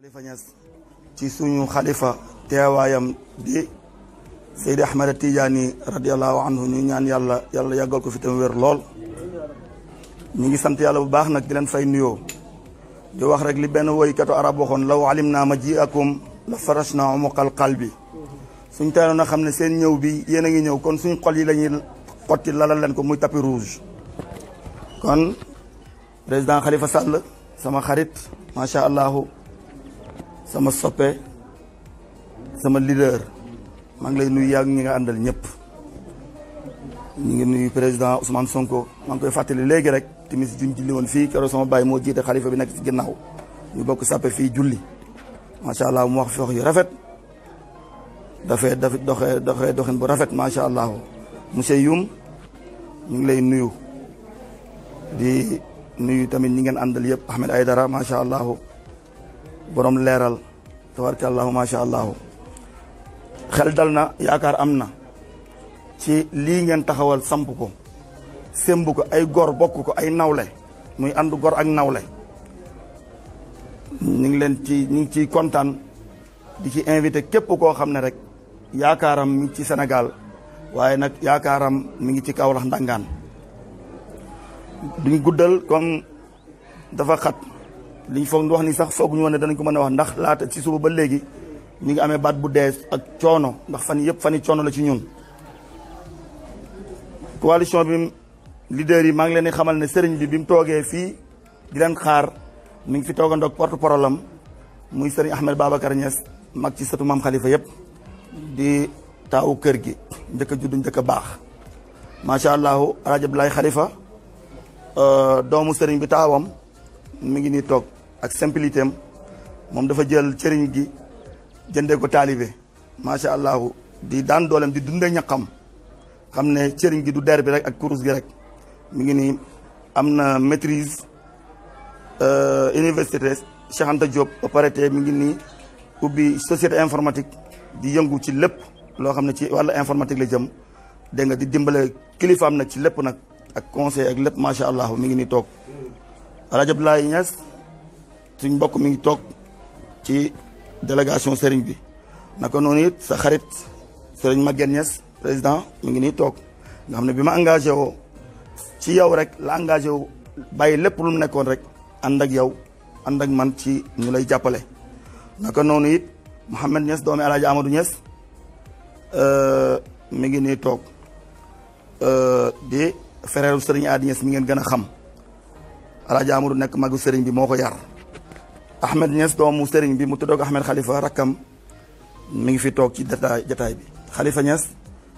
xalifa Niass ci suñu xalifa teewaayam di Seydi Ahmada Tidiane radiallahu anhu ñu ñaan yàlla yàlla yàggal ko fi tam wér lool ñu ngi sant yàlla bu baax nag di leen fay nuyoo di wax rek li benn woykatu arab waxoon law alim naa akum la farash naa qalbi suñ teeloon a xam ne seen ñëw bi yéen a ngi ñëw kon suñ xol yi la ñuy xotti lalal leen ko muy tapis rouge kon président Khalifa Sall sama xarit macha allahu sama sopé, sama leader ma ngi lay nuyu yàgg ñi nga andal ñep ñi ngi nuyu président Ousmane Sonko ma ngi koy fatali légui rek timis juñ julli won fi kéro sama bay mo jité khalifa bi nekk ci ginnaaw ñu bokk sapé fi julli sha allah mu wax fi wax yu rafet dafet dafet doxé doxé doxine bu rafet sha allah monsieur Youm ñi ngi lay nuyu di nuyu tamit ñi ngeen andal yépp Ahmed Aydara sha allah. borom leeral tabarakallahu macha allahu xel dal na yaakaar am na ci lii ngeen taxawal samp ko sémb ko ay gor bokk ko ay nawle muy ànd gor ak nawle ñu ngi leen ci ñu ngi ciy kontaan di ci invité képp koo xam ne rek yaakaaram mi ci Sénégal waaye nag yaakaaram mi ngi ci Kaolack ndàngaan duñ guddal comme dafa xat liñ foog wax ni sax fooguñu ñu wone dañ ko mëna wax ndax laata ci suba ba légui ñi ngi amé baat bu dess ak coono ndax fan yépp fan yi la ci ñun coalition bi leader yi ma ngi leni di xamal ne sëriñ bi bimu mu fi di leen xaar mi ngi fi toogandoog porte problème muy sëriñ Ahmed Babacar Niass mag ci sëtu mam Khalifa yépp di taw kër gi njëkk juddu judd baax ma allahu allah rajab lay Khalifa euh, doomu sëriñ bi taawam mi ngi ni tok ak simplitem mom dafa jël cëriñ gi jëndé ko ma sha allah di daan dolem di dundé ñaqam xamné cëriñ gi du der bi rek ak kurus gi rek mi ngi ni amna maîtrise euh université Cheikh Anta Diop opérateur mi ngi ni ubi société informatique di yëngu ci lepp lo xamné ci wala informatique la jëm dé nga di kilifa am nak ci lepp nak ak conseil ak ma sha allah mi ngi ni tok Rajab Niass suñ mbokk mi ngi toog ci délégation Serigne bi naka noonu it sa xarit Serigne Maguette Niass président mu ngi nii toog nga xam ne bi ma engagé woo ci yow rek la engagé wu bàyyi lépp lum nekkoon rek ànd ak yow ànd ak man ci ñu lay jàppale. naka noonu it Mouhamed Niass doomi El Hadj Amadou Niass euh, mi ngi nii euh, di frère Serigne Adi Niass mi ngeen gën a xam El Hadj Amadou nekk magu Serigne bi moo ko yar. Ahmed Niass doomu sëriñ bi mu tuddoog Ahmed Khalifa rakkam mi ngi fi toog ci jataay bi Khalifa Niass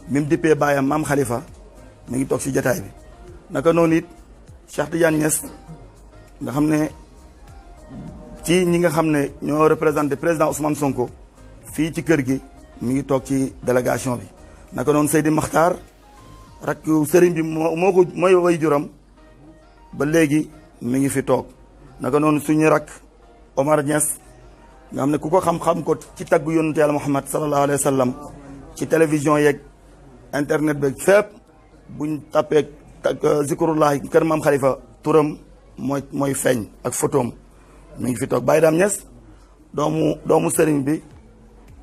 bi mu dippee baayam mi ngi toog ci jataay naka noonu it Cheikh Tidiane Niass nga xam ne ci ñi nga xam ne ñoo représenté président Ousmane Sonko fii ci kër gi mi ngi toog ci délégation bi naka noonu Seydi Makhtar rakk sëriñ bi moo moo ko mooy way juram ba léegi mi ngi fi toog naka noonu suñu rakk Omar Niass nga xam ne ku ko xam-xam ko ci tagg yonent yàlla Muhammad sallallahu alayhi wa ci télévision yeeg internet beeg fépp buñ tapee euh, zikrullah kër maam Khalifa turam mooy mooy feeñ ak photoom mu ngi fi toog Baye Dame Niass doomu doomu sëriñ bi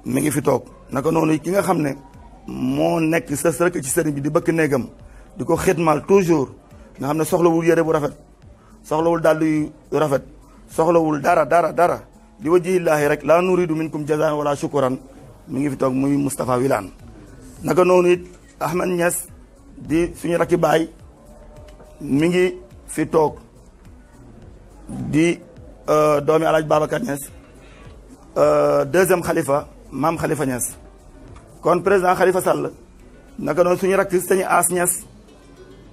mi ngi fi toog naka noonu ki nga xam ne moo nekk sës rek ci sëriñ bi di bëkk néegam di ko xidmal toujours nga xam ne soxlawul yére bu rafet soxlawul dàll yu rafet soxlawul dara dara dara li wajhillaahi rek laa nuridu minkum jazaan wala shukuran mu ngi fi toog muy Moustapha Wilane naka noonu it Ahmed Niass di suñu rakki baay mu ngi fi toog di euh, doomi alaaj babaka Niass euh, deuxième xalifa maam xalifa Niass kon président xalifa Sall naka noonu suñu rakk sëñ As Niass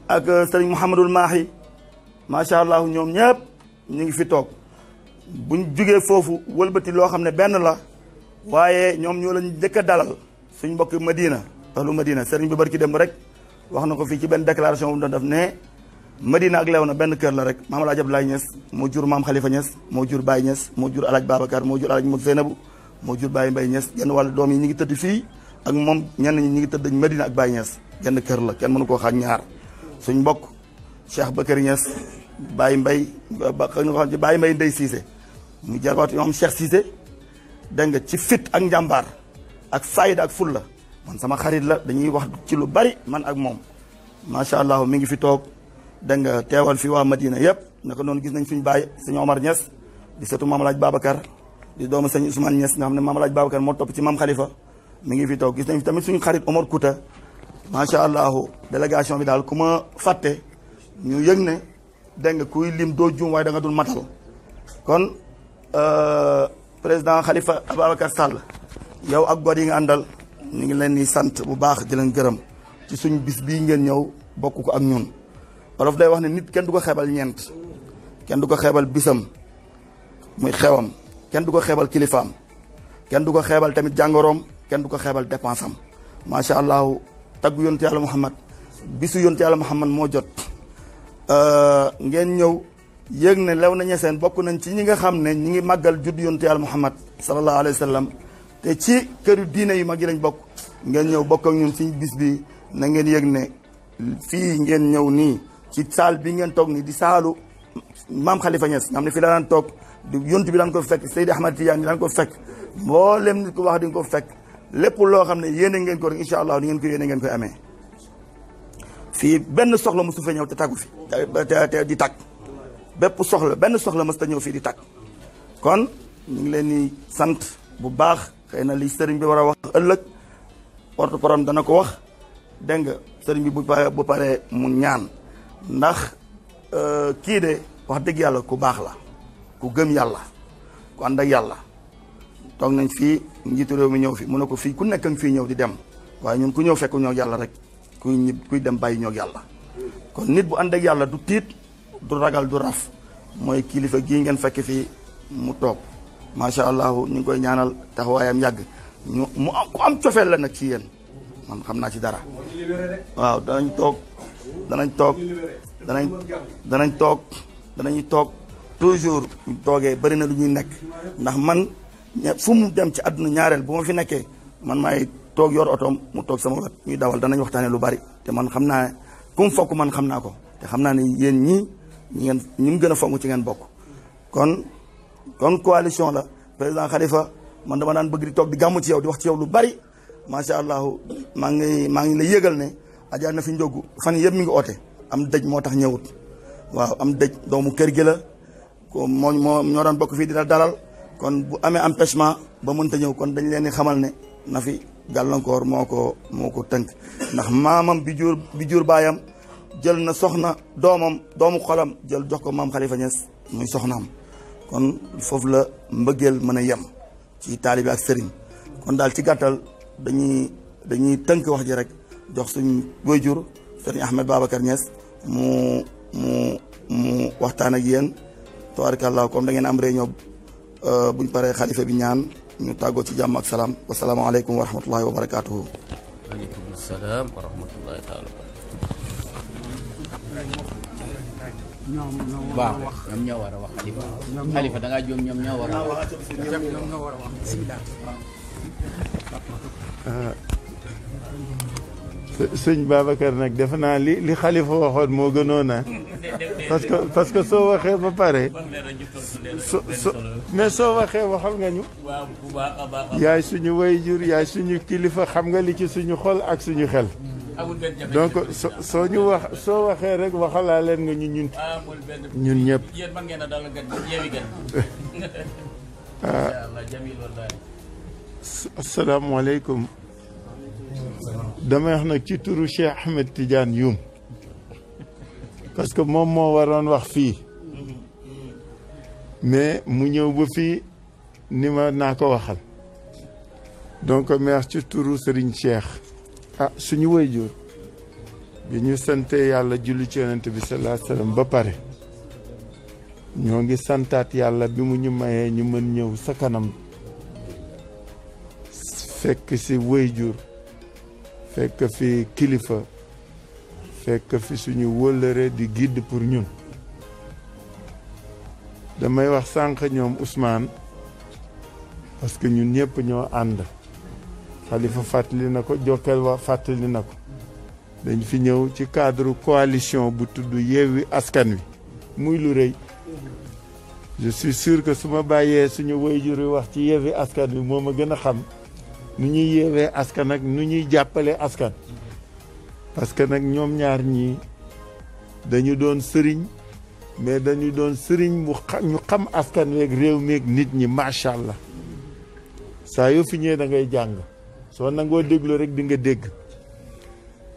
ak euh, sëñ Mouhamadul Mahi macha allah ñoom ñëpp ñu ngi fi toog buñ jugee fofu wëlbeuti lo xamné ben la wayé ñom ñoo lañu dëkk dalal suñ mbokk madina ahlu madina sëriñ bi barki dem rek wax na ko ci benn déclaration bu doon def ne madina ak lewna benn kër la rek maam alaaj abdoulaye Niass mo jur Mam Khalifa Niass mo jur Baye Niass mo jur alaaj babacar mo jur alaaj mut zeynabu mo jur Baye Mbaye Niass genn wal doom yi ñi ngi tëdd fi ak mom ñen ñi ñi ngi tëdd madina ak Baye Niass genn kër la kenn mënu ko xaaj ñaar suñ mbokk cheikh Bakary Niass Baye Mbaye ba xam ci Baye Mbaye ndey Cissé mu jagaatu ñoom Cheikh Cissé dégg nga ci fit ak njàmbaar ak fayda ak fulla man sama xarit la dañuy wax ci lu bari man ak moom macha allah mi ngi fi toog dégg nga teewal fi waa Madina yëpp naka noonu gis nañ suñu baay sëñ Omar Niass di sëtu Maam Laaj Babacar di doomu sëñ Ousmane Niass nga xam ne Maam Laaj Babacar moo topp ci Maam Khalifa mu ngi fi toog gis nañ fi tamit suñu xarit Omar Kouta macha allah délégation bi daal ku ma fàtte ñu yëg ne dégg nga kuy lim doo juum waaye da nga Euh, président Khalifa Ababacar Sall yow ak gor yi nga àndal ñu ngi leen di sant bu baax di leen gërëm ci suñ bis bi ngeen ñëw bokk ko ak ñun Wolof day wax ne nit kenn du ko xeebal ñeent kenn du ko xeebal bisam muy xewam kenn du ko xeebal kilifaam kenn du ko xeebal tamit jàngoroom kenn du ko xeebal dépense am macha allah tagg yontu yàlla Muhammad bisu yontu yàlla Muhammad moo jot euh, ngeen ñëw. yëg ne lew nañu sen bokku nañ ci ñi nga xam ñi ngi judd yonte Al muhammad sallallahu alaihi wasallam. te ci këru diine yu magi lañ bokku ngeen ñew bokk ak ñun ci bis bi na ngeen yëg ne fi ngeen ñew ni ci sal bi ngeen tok ni di salu mam khalifa ñes nga xam ne la daan tok di yontu bi daan ko fekk seydi ahmad tidiane daan ko fekk mboolem nit ko wax di ko fekk lepp lo xamne yene ngeen ko rek ngeen ko yene ngeen ko amé fi ben soxla mosu fe ñew te tagu fi te di tag bepp soxla ben soxla mas sta ñew fi di tak, kon ñu ngi leen ni sant bu baax xeyna li serigne bi wara wax ëlëk porte param dana ko wax deng serigne bi bu paré bu paree mu ñaan ndax euh, ki de wax dëgg yalla, ku baax la ku gëm yalla ku and ak yalla tok nañ fi njiitu rew mi ñew fi mu nako fi ku nekk di dem waye ñun ku ñew fekk ñoo yalla rek ku ñib ku dem bàyyi ñoo yalla kon nit bu and ak yalla du du ragal du raf mooy kilifa gii ngeen fekk fii mu toog macha allah ñu ngi koy ñaanal taxawaayam yàgg ñu mu am ku cofeel la nag ci yéen man xam naa ci dara waaw danañ toog danañ toog danañ toog danañu toog toujours ñu toogee bari na lu ñuy nekk ndax man fu mu dem ci àdduna ñaareel bu ma fi nekkee man maay toog yor otoom mu toog sama wet ñuy dawal danañ waxtaanee lu bari te man xam naa kum fokk man xam naa ko te xam naa ne yéen ñii ñi ngeen ñi mu gën a fonk ci ngeen bokk kon kon coalition la président Khalifa man dama daan bëgg di toog di gàmm ci yaw di wax ci yow lu bari macha allah maa ngi maa ngi la yëgal ne ajaar na fi njógu fan yëpp mu ngi oote am dëj moo tax ñëwut waaw am dëj doomu kër gi la ko moo moo ñoo daan bokk fii di la dalal kon bu amee empêchement ba mënta ñëw kon dañ leen di xamal ne nafi gàllankoor moo ko moo ko tënk ndax maamam bi jur bi jur baayam jël na soxna domam domu xolam jël jox ko mam Khalifa ñes muy soxnam kon fofu la mbëggeel mën yam ci talib ak serigne kon dal ci gàttal dañuy dañuy teunk wax ji rek jox suñu wayjur serigne Ahmed babakar ñes mu mu mu waxtaan ak yeen tabarakallaa comme da ngeen am réunion euh, buñ paré khalifa bi ñaan ñu ci jamm ak alaykum wa rahmatullahi wa wa alaykum assalam wa rahmatullahi taala waaw ñoom ñoo war a wax xalifa xalifa da ngaa jóg ñoom ñoo war a wax ñoom ñoo war a wax bismillah sëñ Babacar nag defe naa li li xalifa waxoon moo gënoon a parce que parce que soo waxee ba pare so so mais soo waxee waxal nga ñu yaay suñu wayjur yaay suñu kilifa xam nga li ci suñu xol ak suñu xel amul donc soo ñu wax soo waxee rek waxalaa leen nga ñu ñun. amul benn ñun ñëpp. yéen mën ngeen a ah. nag ci turu Cheikh Ahmed Tidiane Youm. parce que moom moo waroon wax fii. mais mu ñëw ba fii ni ma naa ko waxal. donc may ci turu sëriñ Cheikh. ah suñu waajur bi ñu sante yàlla julli ci yonent bi sallallahu alayhi wasallam ba pare ñoo ngi santaat bi mu ñu ñu mën sa kanam fekk fekk fi kilifa fekk fi suñu wëllëre di guide pour ñun damay wax sànq ñoom Ousmane parce que ñun ñoo Khalifa fàttali nako ko wa fàttali nako ko dañ fi ñew ci cadre coalition bu tuddu yewi Askan Wi muy lu reuy je suis sûr que suma baye suñu wayjur wax ci yewi Askan Wi moma ma xam nu ñuy yewé askan ak nu ñuy jappalé askan parce que nak ñom ñaar ñi dañu doon sëriñ mais dañu doon sëriñ ñu xam askan rew mi ak nit ñi allah fi ñe da ngay jang soo nangoo déglu rek di nga dégg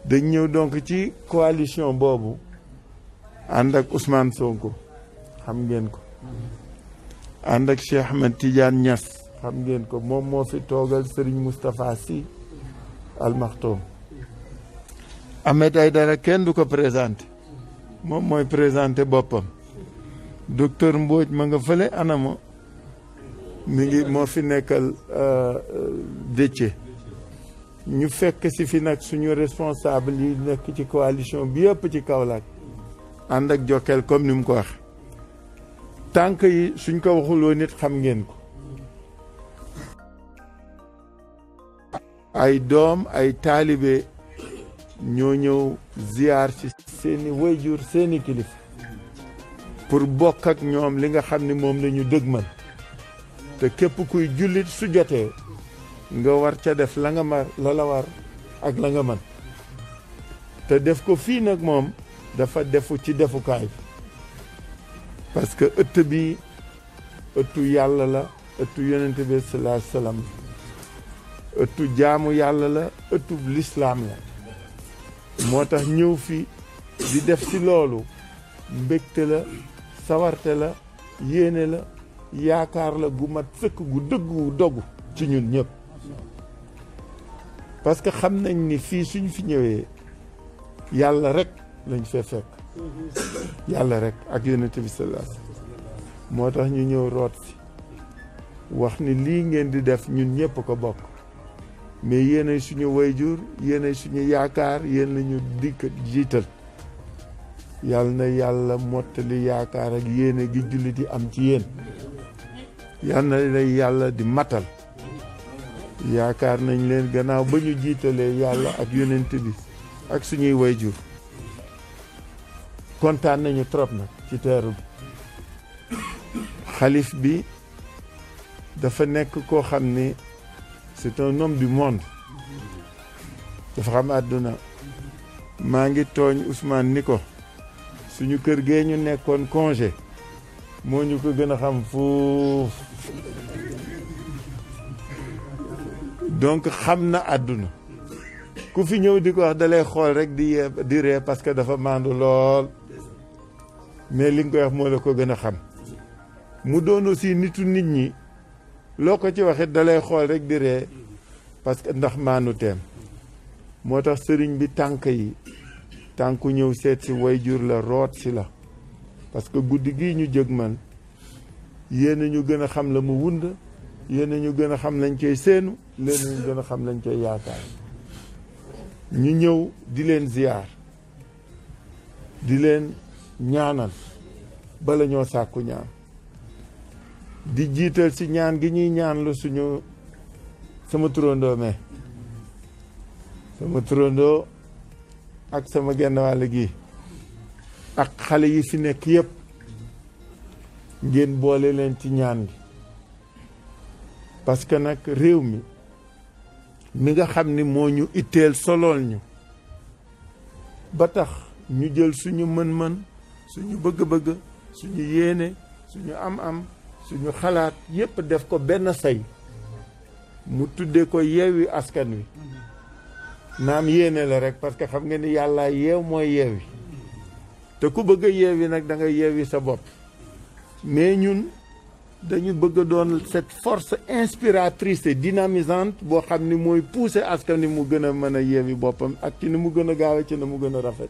da ñëw donc ci coalition boobu ànd ak Ousmane Sonko xam ngeen ko ànd ak Cheikh Ahmed Tidiane Niass xam ngeen ko moom moo fi toogal Serigne Moustapha si Al Maktoum Ahmed Aïdara kenn du ko présenté moom mooy présenté boppam docteur Mbodj ma nga fële anama mi ngi moo fi nekkal euh, euh, Déthié ñu fekk si fi nag suñu responsable yi nekk ci coalition bi yëpp ci Kaolack ànd ak Jokal comme ni mu ko wax tànk yi suñ ko waxuloo nit xam ngeen ko ay doom ay taalibe ñoo ñëw ziyaar ci seeni wayjur seeni kilifa pour bokk ak ñoom li nga xam ni moom la ñu dëgmal te képp kuy jullit su jotee nga war ca def la nga ak la nga mën te def ko fii nag moom dafa defu ci defukaay bi parce que ëtt bi ëttu yàlla la ëttu yonent bi salaa salaam ëttu jaamu yàlla la ëttu lislaam la moo tax ñëw fi di def ci loolu mbégte la sawarte la yéene la yaakaar la gu mat sëkk gu dëggu dogu ci ñun ñëpp parce que xam nañ ni fii suñu fi ñëwee yàlla rek nañ fee fekk yàlla rek ak yenn bi sallallahu moo tax ñu ñëw root si wax ni lii ngeen di def ñun ñëpp ko bokk mais yéenay suñu wayjur yéenay suñu yaakaar yéen la dikk jiital yàlla na yàlla mottali yaakaar ak yéene gi julli di am ci yéen yàlla na yàlla di matal yaakaar nañ leen gannaaw ba ñu jiitalee yàlla ak yonent bi ak suñuy wayjur kontaan nañu trop nag ci teeru bi xalif bi dafa nekk koo xam ni c'est un homme du monde dafa xam àdduna maa ngi tooñ Ousmane ni ko suñu kër gee ñu nekkoon congé moo ñu ko gën a xam fuuf donc xam na àdduna ku fi ñëw di ko wax dalay xool rek di yee di ree parce que dafa màndu lool mais li nga koy wax moo la ko gën a xam mu doon aussi nitu nit ñi loo ko ci waxit dalay xool rek di ree parce que ndax maanu teem moo tax sëriñ bi tànk yi tànku ñëw seet si way jur la root si la parce que guddi gi ñu jëg man yéen ñu gën a xam la mu wund yéen ñu gën a xam lañ koy séenu leen ñu gën xam lañ koy yaakaar ñu ñëw di leen ziyaar di leen ñaanal bala ñoo sàkku ñaan di jiital ci ñaan gi ñuy ñaan lu suñu sama turandoo me sama turandoo ak sama genn wàll gi ak xale yi si nekk yépp ngeen boole leen ci ñaan gi parce que nag réew mi mi nga xam ni moo ñu itteel solool ñu ba tax ñu jël suñu mën-mën suñu bëgg-bëgg suñu yéene suñu am-am suñu xalaat yépp def ko benn say mu tuddee ko yeewi askan wi naam yéene la rek parce que xam nga ni yàlla yeew mooy yeewi te ku bëgg a yeewi nag da nga yeewi sa bopp mais ñun dañu bëgg doon set force inspiratrice et boo xam ni mooy pousser askan ni mu gën a mën a yeewi boppam ak ci ni mu gën a gaawee ci ni mu gën a rafet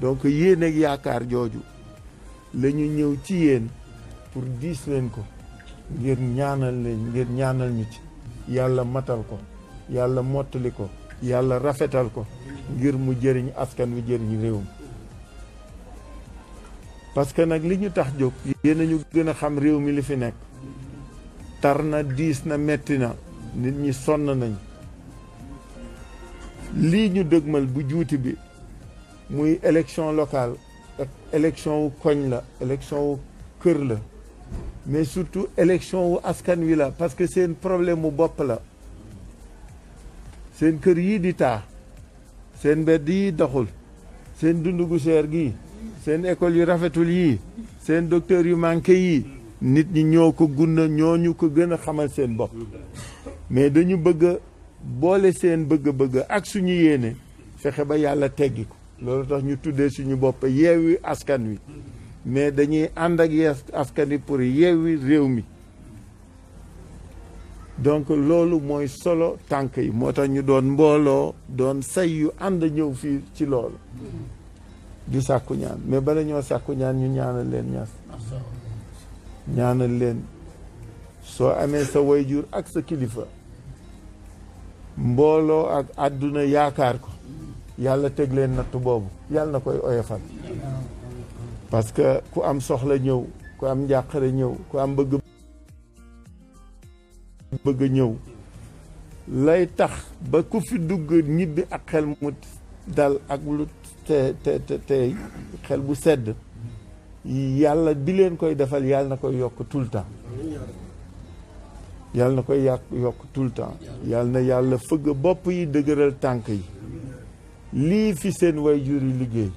donc yéen yaakaar jooju la ñu ñëw ci pour diis leen ko ngir ñaanal leen ngir ñaanal ñu ci yàlla matal ko yàlla mottali ko yàlla rafetal ko ngir mu jëriñ askan wi jëriñ réew mi parce que nak liñu tax jóg nous ñu gëna xam réew mi li fi na na metti na nit ñi son nañ ñu bu bi muy élection locale élection koñ la élection la mais surtout élection wu askan la parce que un problème au bopp la seen kër yi di taa seen mbedd yi doxul seen école yu rafetul yii seen docteur yu manqué yii nit ñi ñoo ko gunna ñoo ñu ko gën a xamal seen bopp mais dañu bëgg boole seen bëgg-bëgg ak suñu yéene fexe ba yàlla teggi ko loolu tax ñu tuddee suñu bopp yeewi askan wi mais dañuy ànd ak askan wi pour yeewi réew mi donc loolu mooy solo tànk yi moo tax ñu doon mbooloo doon say yu ànd ñëw fii ci loolu di sàkku ñaan mais bala ñoo sàkku ñaan ñu ñaanal leen ñaas ñaanal leen soo amee sa wayjur ak sa kilifa mbooloo ak àdduna yaakaar ko yàlla teg leen natt boobu yàlla na koy oyofal parce que ku am soxla ñëw ku am njàqare ñëw ku am bëgg bëgg ñëw lay tax ba ku fi dugg ñibbi ak xel mu dal ak lu te te te xel bu sedd yàlla bi leen koy defal yàlla na koy yokk tout le temps yàlla na koy yàq yokk tout le temps yàlla na yàlla fëgg bopp yi dëgëral tànk yi lii fi seen way jur yu liggéey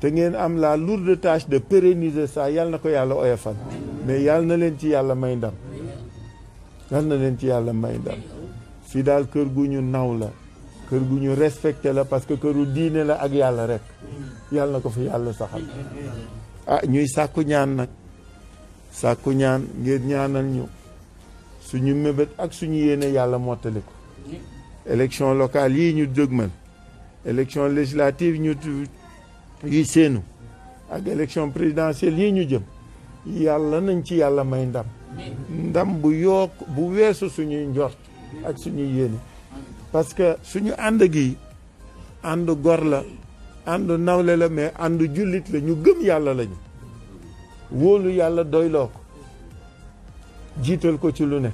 te ngeen am la de tâche de pérenniser ça yàlla na ko yàlla oyofal mais yàlla na leen ci yàlla may ndam na leen ci yàlla may fii daal kër gu ñu naw la kër gu ñu respecté la parce que këru diine la ak yàlla rek yàlla na ko fi yàlla saxal ah ñuy sàkku ñaan nag saku ñaan ngir ñaanal ñu suñu mébét ak suñu yéene yàlla mottali ko élection locale yi ñu dëgmal élection législative ñu yi séenu ak élection présidentielle yii ñu jëm yàlla nañ ci yàlla may ndam ndam bu yokk bu weesu suñuy njort ak suñuy yéene parce que suñu ànd gi ànd gor la ànd nawle la mais ànd jullit la ñu gëm yàlla lañu wóolu yàlla doyloo ko jiital ko ci lu ne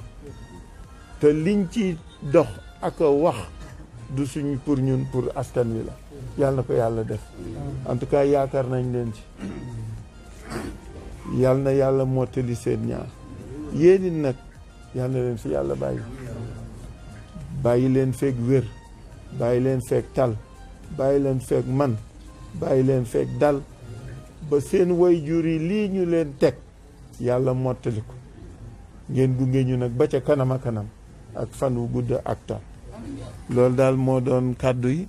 te liñ ci dox ak wax du suñ pour ñun pour askan wi la yàlla na ko yàlla def en tout cas yaakaar nañ leen ci yàlla na yàlla mottali seen ñaar yéen it nag yàlla leen si yàlla bàyyi bàyyi leen feeg wér bàyyi leen feeg tal bàyyi leen feeg man bàyyi leen dal ba seen waajur yi lii ñu leen teg yàlla mottali ngeen gunge ñu nag ba ca kanam kanam ak fan wu gudd ak tal loolu daal moo doon kàddu yi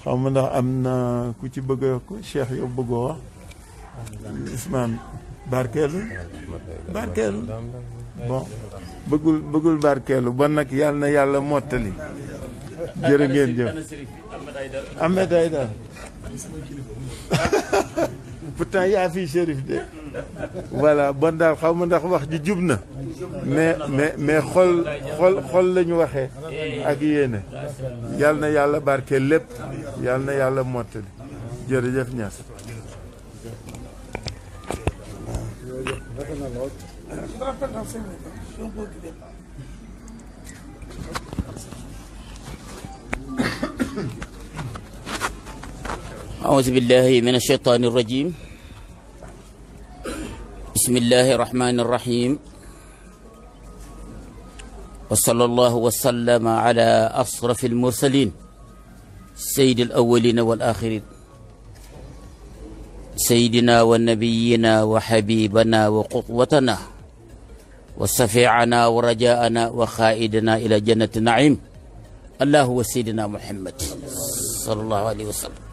xam nga ndax am na ku ci bëgg a ko Cheikh yow bëggoo wax barkeelu barkeelu bon bëggul bëggul barkeelu ba nag yàlla na yàlla mottali jërë ngeen jëf Ahmed Aïdara pourtant yaa fii shérif de voilà bon daal xaw ma ndax wax ji jub na mais mais mais xol xol xol la ñu waxee ak yéene yàlla na yàlla barkeel lépp yàlla na yàlla mottali jërëjëf Niass أعوذ بالله من الشيطان الرجيم بسم الله الرحمن الرحيم وصلى الله وسلم على أشرف المرسلين سيد الأولين والآخرين سيدنا ونبينا وحبيبنا وقطوتنا wa safiana wa rajaana wa xaaidana ila jannati naim allahu wa sayyidina muhammad sallallahu alayhi wa sallam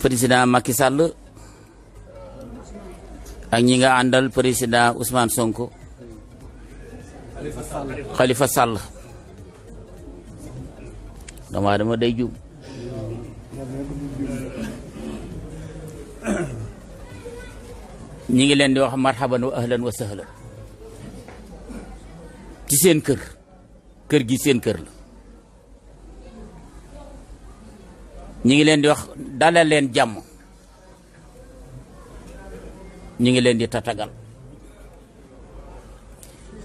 président Macky Sall ak ñi nga àndal Sonko Khalifa Sall dama dama day jum ñi ngi leen di wax marhaban wa ahlan wa sahlan ci seen kër kër gi seen kër la ñi ngi leen di wax dalal leen jàmm ñi ngi leen di tatagal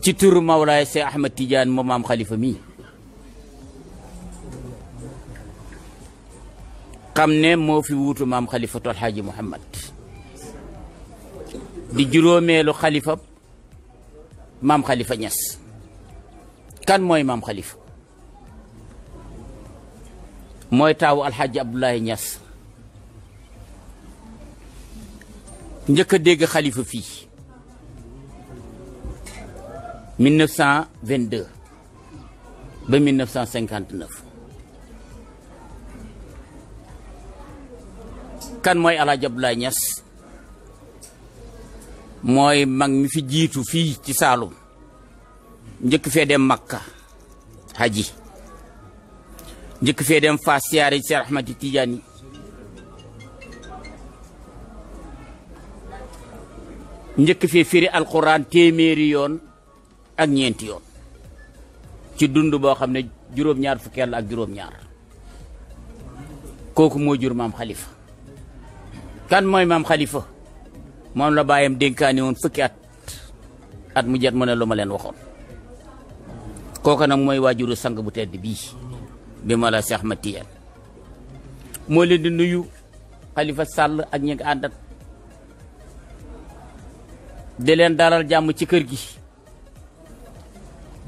ci turu Mawlaay Seex Ahmad Tijaan moom maam Xalifa mii kam neen moo fi wuutu maam Xalifatul Haaji Muhammad di juróomeelu xalifa maam xalifa ñas kan mooy maam xalifa mooy taawu alxaaji abdullahi ñas njëkk a dégg xalifa fii 1922 ba 1959 kan mooy alxaaji abdullahi ñas moy mag mi fi jitu fi ci saalum njëkk fe dem makka haji njëkk fe dem faas siyaare ci seex ahmadi tijaani njëkk firi alquran téeméeri yon ak ñeenti yon ci dundu bo xam ne ñaar fukkeel la ak juróom-ñaar koku mo jur mam khalifa kan moy mam khalifa moom la bayam denkani won fukki at at mu jet mona luma len waxon koko nak moy wajuru sang bu tedd bii bi ma la Cheikh matiel mo len di nuyu Khalifa Sall ak ñi nga di dalal jamm ci kër gi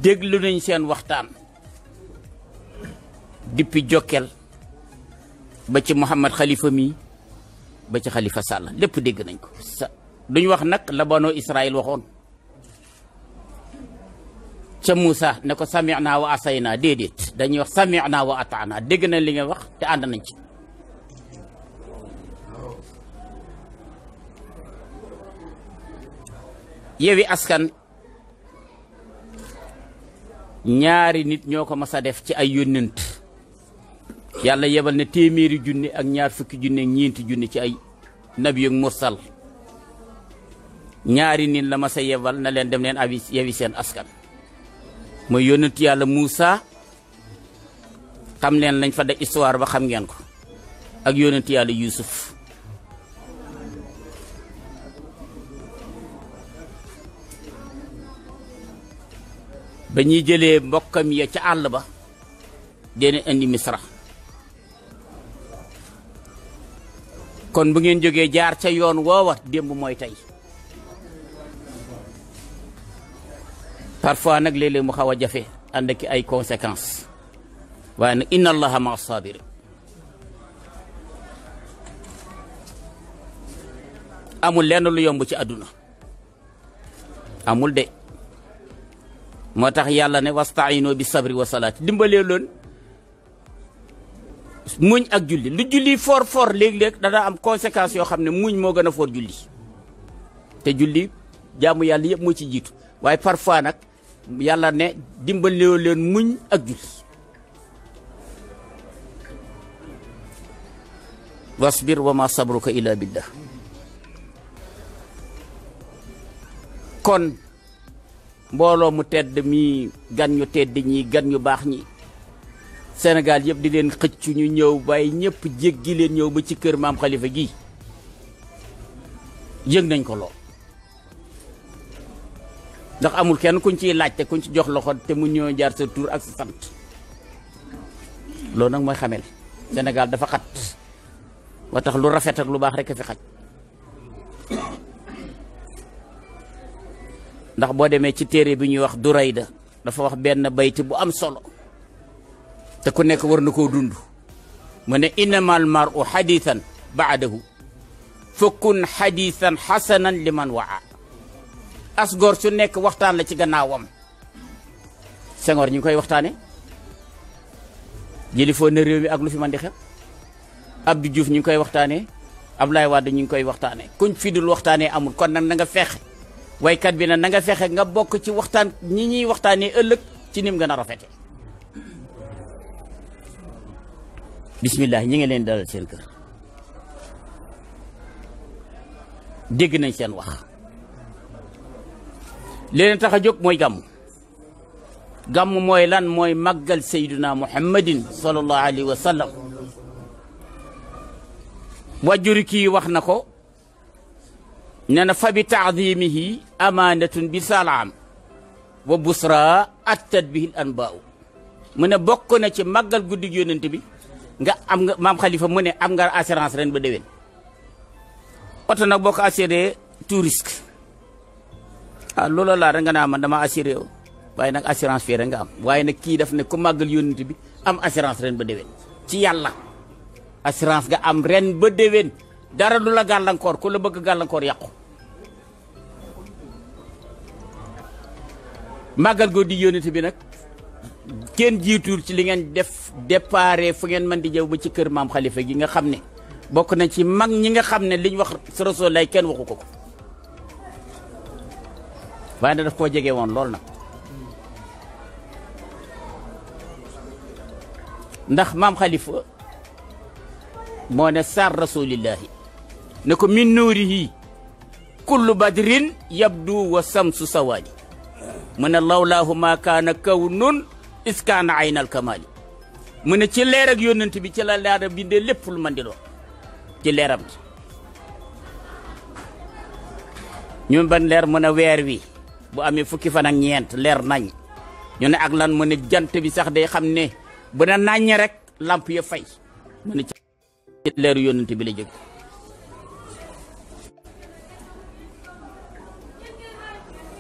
deglu nañ seen waxtaan dipi Jokkel ba ci mohammed Khalifa mi ba ci Khalifa Sall lépp dégg nañ ko sa duñ wax nag la banoo Israël ca Moussa ne ko sami'na wa asayna déedéet dañuy wax sami'na wa ata'na dégg nañ li nga wax te ànd nañ ci Yewwi Askan ñaari nit ñoo ko mas def ci ay yónnent yàlla yebal na téeméeri junni ak ñaar fukki junni ak ñeenti junni ci ay nabi ak mursal ñaari nit la ma yebal na leen dem leen abi yewi seen askan mooy yónnent yàlla Muusa xam leen lañ fa de histoire ba xam ngeen ko ak yónnent yàlla Yuusuf ba ñuy jëlee mbokkam ya ca àll ba dina indi misra kon bu ngeen jógee jaar ca yoon woowa démb mooy tey parfois nag léeg-léeg mu xaw a jafe ànd ak ay conséquences waaye nag inna allaha maa sabiri amul lenn lu yomb ci àdduna amul de moo tax yàlla ne wastaino bi sabri wa salaati dimbalee loon muñ ak julli lu julli foor foor léeg-léeg dana am conséquence yoo xam ne muñ moo gën a foor julli te julli jaamu yàlla yëpp moo ci jiitu waaye parfois nag yàlla ne dimbalewoo leen muñ ak julli wasbir wa ma sabruka illa billah kon mbooloo mu tedd mi gan ñu tedd ñi gan ñu baax ñi senegal yëpp di len xeccu ñu ñew bay ñep jéggi len ñew ba ci kër mam khalifa gi yeg nañ ko lool ndax amul kenn kuñ laaj te kuñ ci jox loxo te mu ñoo jaar sa tour ak sa sant loolu nak moy xamel senegal dafa xat wa tax lu rafet ak lu bax rek fi xat ndax bo ci téré bi ñuy wax rayda dafa wax benn bayti bu am solo تكون نيك ورن كو دوندو من انما المرء حديثا بعده فكن حديثا حسنا لمن وعى اسغور سو نيك وقتان لا سي غناوام سيغور ني نكاي وقتاني جيلي فو نريومي اك لوفي مان دي خيب عبد جوف ني نكاي وقتاني ابلاي واد ني نكاي وقتاني كون فيدل وقتاني امول كون نك نغا فخ way kat bi na nga fexé nga bok ci waxtan ñi ñi waxtané ëlëk ci nim gëna rafété بسم الله نيغي لين دال سين كير ديغ نان سين واخ لين تاخا جوك موي غام غام موي لان موي ماغال سيدنا محمد صلى الله عليه وسلم وجوركي واخ نكو نانا فبتعظيمه امانه بسلام وبصرى اتت به الانباء من بوكو نتي ماغال غودي يوننتي nga am nga maam xalifa mu ne am ngar assurance ren ba déwén oto nag boo ko assuré tout risque ah looloo laa rek nga naa man dama assuré waaye nag assurance fii nga am waaye nag kii daf ne ko màggal yónnent bi am assurance ren ba déwén ci yàlla assurance nga am ren ba déwén dara du la gàllankoor ku la bëgg gàllankoor yàqu màggal goo di yónnent bi nag kenn jiituwul ci li ngeen def déparé fu ngeen man di jëw ba ci kër maam xalifa gi nga xam ne bokk nañ ci mag ñi nga xam ne liñ wax sa lay kenn waxu ko ko waaye na daf koo jege woon lool na ndax maam xalifa moo ne saar rasulillahi ne ko min nuurihi kullu badrin yabdu wa samsu sawaadi mu ne lawlaahu ma kaana kawnun iskan aynal kamali mu ne ci leer ak yonent bi ci la leer binde lepp lu man di fana ci leeram gi ñun ban leer mune weer wi bu amé fukki fan ak ñent leer nañ ñu ne ak lan mune jant bi sax day xamne bu na nañ rek lamp ya fay mune ci leer yonent bi la jëg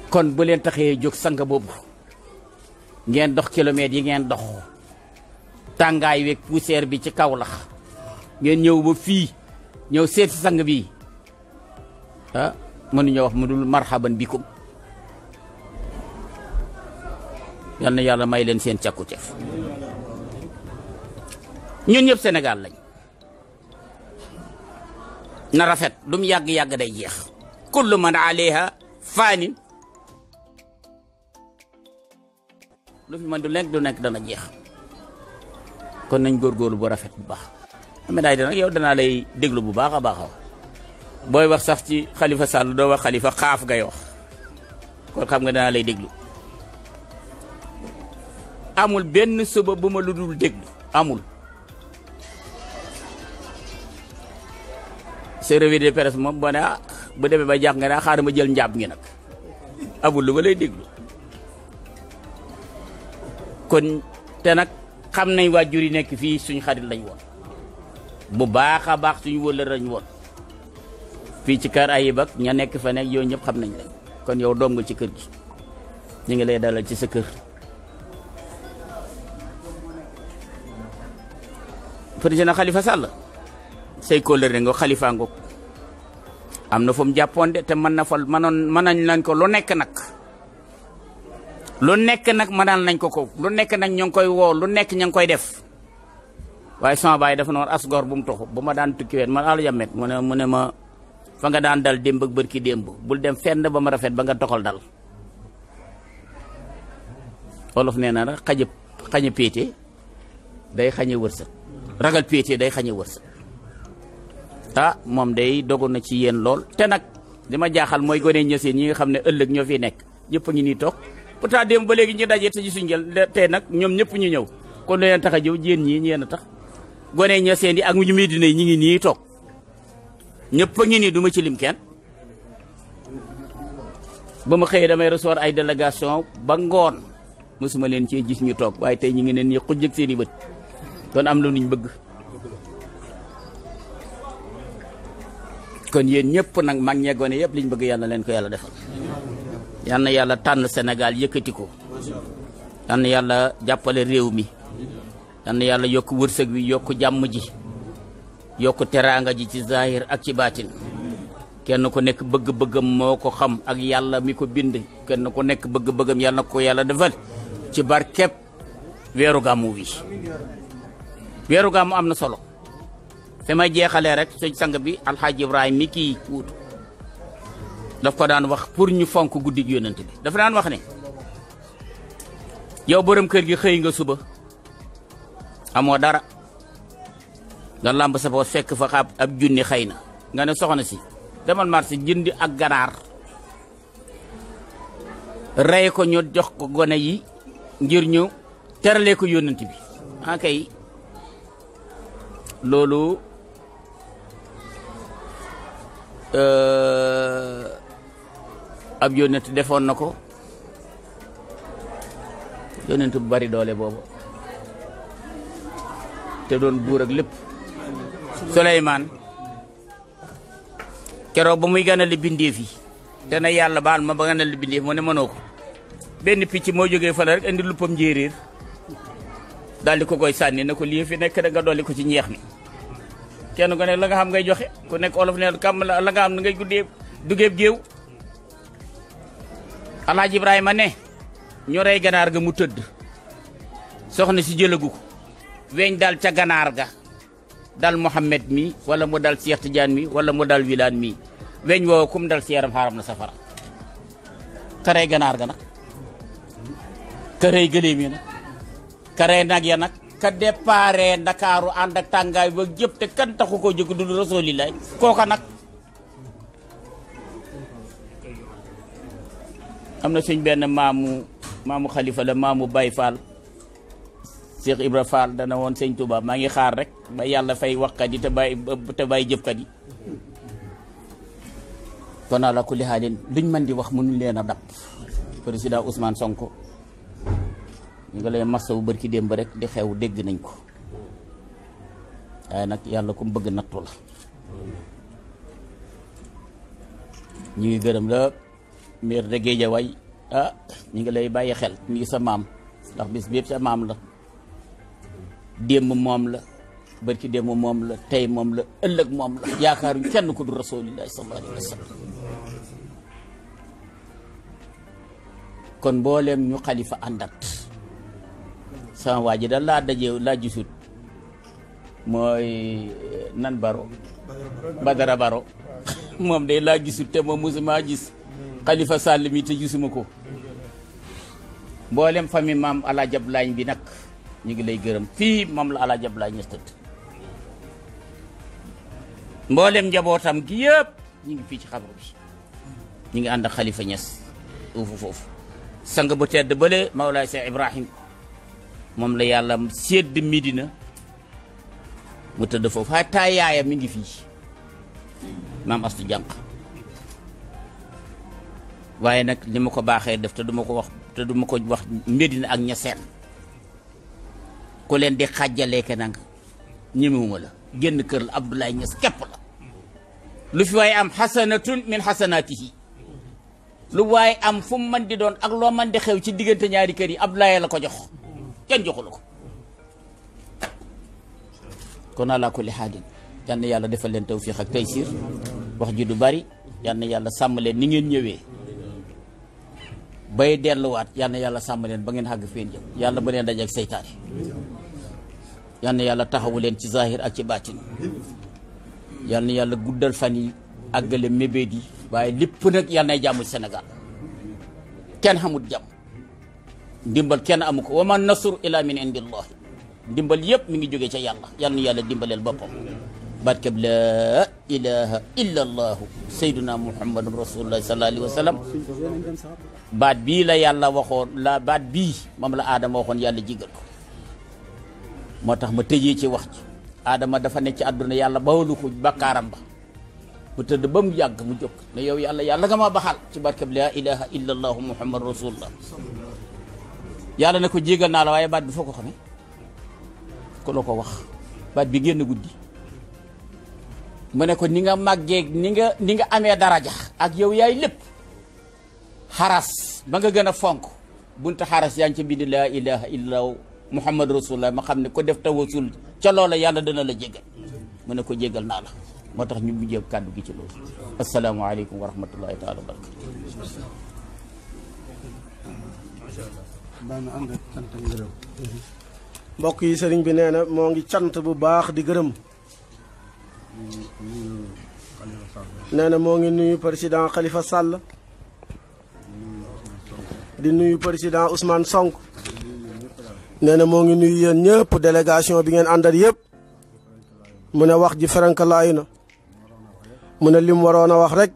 kon bu len taxé jóg sang bobu ngeen dox kilomètre yi ngeen dox tàngaay wek poussière bi ci la ngeen ñew ba fi ñew sang bi ah, mënu ñu wax mudul marhaban bikum yalla yalla may leen seen ciaf ñun ñep Sénégal lañ na rafet lum yag yag day jeex kullu man alayha fanin lu fi man du nekk du nekk dana jeex kon nañ bu rafet bu baax médaille da nag yow dana lay deglu bu baaxa baax boy wax sax ci khalifa sall do wax khalifa khaf wax kon xam nga dana lay deglu amul ben suba buma luddul amul sa revue de presse mom bona ah, bu demee ba jax nga na ah, jël njab ngi nak abul lu lay kon te nag xam nañ waajur yi nekk fii suñ xarit lañ woon bu baax a baax suñu wëllër lañ woon fii ci kër ayib ak ña nekk fa nekk yow ñëpp xam nañ kon yow dong ci kër gi ñu ngi lay dalal ci sa kër président Khalifa Sall say kóllëre xalifaa ngoog am na fu mu mën na fa mënoon mën nañ lañ ko lu nekk nag lu nekk nag ma mënal nañ ko ko lu nekk nag ñu ngi koy woo lu nekk ñu ngi koy def waaye sama baay dafa noon as gor bu mu toxu bu ma daan tukki ma man Aliou Jamet mu ne ma fa nga daan dal démb ak bërki démb bul dem fenn ba ma rafet ba nga toxal dal wolof nee na rek xañ xañ day xañ a wërsëg ragal péete day xañ a wërsëg ah moom day dogu na ci yéen lool te nag li ma jaaxal mooy gone ñëseen ñi nga xam ne ëllëg ñoo fi nekk ñëpp a ngi nii toog pourtant démb ba léegi ñu dajee te gisuñ ngeen tey nag ñoom ñëpp ñu ñëw kon lu leen tax a jëw jéen ñii ñeen a tax gone ña yi ak ñu Medina yi ñu ngi nii toog ñëpp a ngi nii ma ci lim kenn ba ma xëyee damay recevoir ay délégation ba ngoon mosuma leen cee gis ñu toog waaye tey ñu ngi neen ñi xujj ak seen i bët kon am lu nuñ bëgg kon yen ñëpp nag mag ñee gone yëpp liñ bëgg yàlla leen ko yàlla defal yal na yàlla tànn senegal yëkkati ko yal na yàlla jàppale réew mi yal na yàlla yokk wërsëg wi yokk jàmm ji yokk teraanga ji ci zahir ak ci baatin kenn ku nekk bëgg-bëggam moo ko xam ak yàlla mi ko bind kenn ku nekk bëgg-bëggam yàlla ko yàlla defal ci barkeb weeru gàmmu wi weeru am na solo fi may jeexalee rek suñ sang bi alxaaji Ibrahima mi kii wuutu daf ko daan wax pour ñu fonk guddig yonent dafa daan wax ne yow borom kër gi xëy nga suba amoo dara nga làmb sa boos fekk fa xaab ab junni xëy na nga ne soxna si demal marché jëndi ak ganaar rey ko ñu jox ko gone yi ngir ñu terale ko yonent bi akay ah loolu euh, ab yónnent defoon na ko bu bari doole boobu te doon buur ak lépp Suleymaan keroog ba muy gànnaale bindeef yi dana yàlla baal ma ba gànnaale bindeef mu ne mënoo ko picc moo jógee fale rek indi luppam njéeréer daal di ko koy sànni ne ko lii fi nekk da nga dolli ko ci ñeex mi kenn ku ne la nga xam ngay joxe ku nekk olof ne kam la nga xam ne ngay dugeeb géew alaaji ibrahima ne ñu ganaar ga mu tëdd soxna si jëlagu ko weñ dal ca ganaar ga dal mohammed mi wala mu dal Cheikh Tidiane mi wala mu dal wilaan mi weñ woowa kum dal si yaram xaaram na safara ka ganaar ga nag ka rey gëléem yi nag ka nag ya nag ka déparé ndakaaru ànd ak tàngaay ba jëpp te kan taxu koo jóg du nag am na suñ benn maamu maamu xalifa la maamu Baye Fall Cheikh Ibra Fall dana woon sëñ Touba maa ngi xaar rek ba yàlla fay waxkat yi te bàyyi te bay jëfkat yi kon ala kulli xaalin luñ mën di wax mënuñ leen a dab président Ousmane Sonko ñu nga lay masawu bërki démb rek di xew dégg nañ ko waaye nag yàlla ko mu bëgg nattu la ñu gërëm la maire de Guédiawaye ah ñu ngi lay bàyyi xel ñu ngi sa maam ndax bis bi yëpp sa maam la démb moom la barki démb moom la tey moom la ëllëg moom la yaakaaruñ kenn ku dul rasulillahi sallallahu alayhi wa sallam kon ñu xalifa àndat sama waa ji daal laa daje laa gisut mooy eh, nan baro badara baro moom de laa gisut te moom musuma gis xalifa Sall mi te gisuma ko mboolem famille maam El Hadj bi nag ñu ngi lay gërëm fii moom la El Hadj Abdoulaye tëdd mboolem njabootam gi yëpp ñu ngi fii ci xabru bi ñu ngi ànd ak xalifa Niass foofu sang bu tedd bële Mawlaay Seex Ibrahim moom la yàlla sedd Medina mu tëdd foofu xataa yaayam mi ngi fii maam Astu Jànq waaye nag li ma ko baaxee def te du ma ko wax te du ma ko wax Medina ak ña seen leen di xàjjalee ke nang ñemewuma la genn kër la Abdoulaye Niass képp la lu fi waaye am xasanatun min xasanaatihi lu waaye am fu mu di doon ak loo man di xew ci diggante ñaari kër yi Abdoulaye la ko jox kenn joxu la ko kon ala kulli xaalin yal na yàlla defal leen tawfiq tey taysir wax ji du bari yal yàlla sàmm leen ni ngeen ñëwee bay delluwaat yal na yàlla sàmm ba ngeen xàgg feen jëm yàlla ba leen dajeeg seytaane yal yàlla taxawu leen ci zahir ak ci baatin yal na yàlla guddal fan yi àggale mébét yi waaye lépp nag yal nay jàmm kenn xamut jàmm ndimbal kenn amu ko wa man nasru ila min indillahi ndimbal yëpp mu ngi jóge ca yàlla yal na yàlla dimbaleel boppam baat keb laa ilaha illa allahu sayduna muhammadun rasulullah sallallahu alayhi wa sallam baat bii la yàlla waxoon la baat bii moom la aadama waxoon yàlla jigal ko moo tax ma tëjee ci wax ji aadama dafa nekk ci àdduna yàlla bawalu ko bakkaaram ba mu tëdd ba mu yàgg mu jóg ne yow yàlla yàlla nga ma baxal ci barkeb laa ilaha illa allahu muhammad rasulullah yàlla ne ko jégal naa la waaye baat bi foo ko xamee ku la ko wax baat bi génn guddi mané ko ni nga maggé ni nga ni nga amee daraja ak yow yaay lepp haras ba nga gëna fonk buntu haras yaa ngi ca ilaha illa muhammad rasulullah ma xamné ko def tawasul ci loolu yalla dana la jéggal mané ko jéggal na la motax ñu bu mujjee kaddu gi ci loolu alaykum wa rahmatullahi taala wa barakatu mbokk yi serigne bi neena mo ngi cant bu baax di gërëm nana mo ngi nuyu president Khalifa Sall di nuyu president Ousmane Sonko nana mo ngi nuyu yeen ñepp délégation bi ngeen andal yëpp mu ne wax ji frank layna mu lim warona wax rek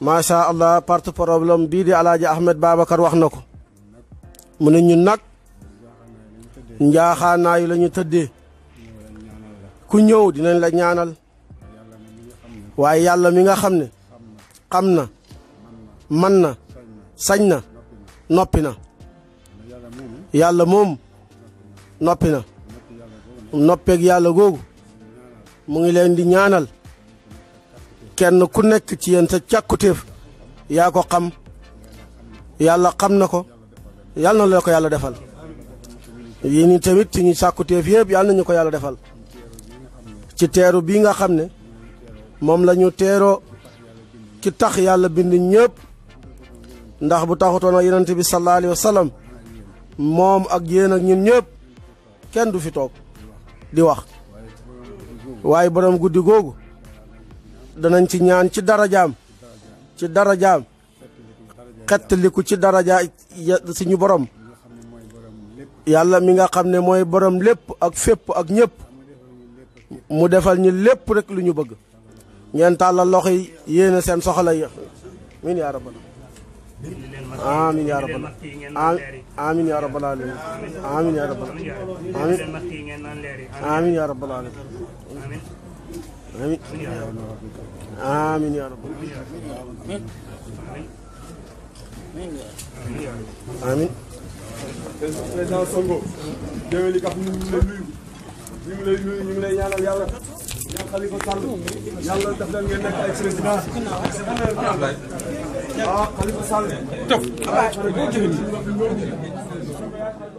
ma sha allah part problème bi di Ahmed babakar wax nako ko mu ne ñun nak njaaxaanaayu yu lañu tëddee ku ñew dinañ la ñaanal. waaye yàlla mi nga xam ne xam na man na sañ na noppi na yàlla moom noppi na noppeek yàlla googu mu ngi leen di ñaanal kenn ku nekk ci yéen sa yaa ko xam yàlla xam na ko yàlla na la ko yàlla defal yi ni tamit suñu càkkutéef yëpp yàlla nañu ko yàlla defal ci teeru bii nga xam ne moom lañu teeroo ci tax yàlla bind ñëpp ndax bu taxutoon ak yonent bi sallallahu alayhi moom ak yéen ak ñun ñëpp kenn du fi toog di wax waaye borom guddi googu danañ ci ñaan ci darajaam ci darajaam xettaliku ci daraja suñu borom yàlla mi nga xam ne mooy borom lépp ak fépp ak ñëpp mu defal ñu lépp rek lu ñu bëgg ngeen tàllal loxo yi yéene seen soxla yi min yaa rabbal amin yaa rabbal amin yaa rabbal alamin amin yaa rabbal amin amin yaa rabbal yàlla Xalifa Sall yàlla daf leen ngeen nekk ay président waaw ah, Xalifa Sall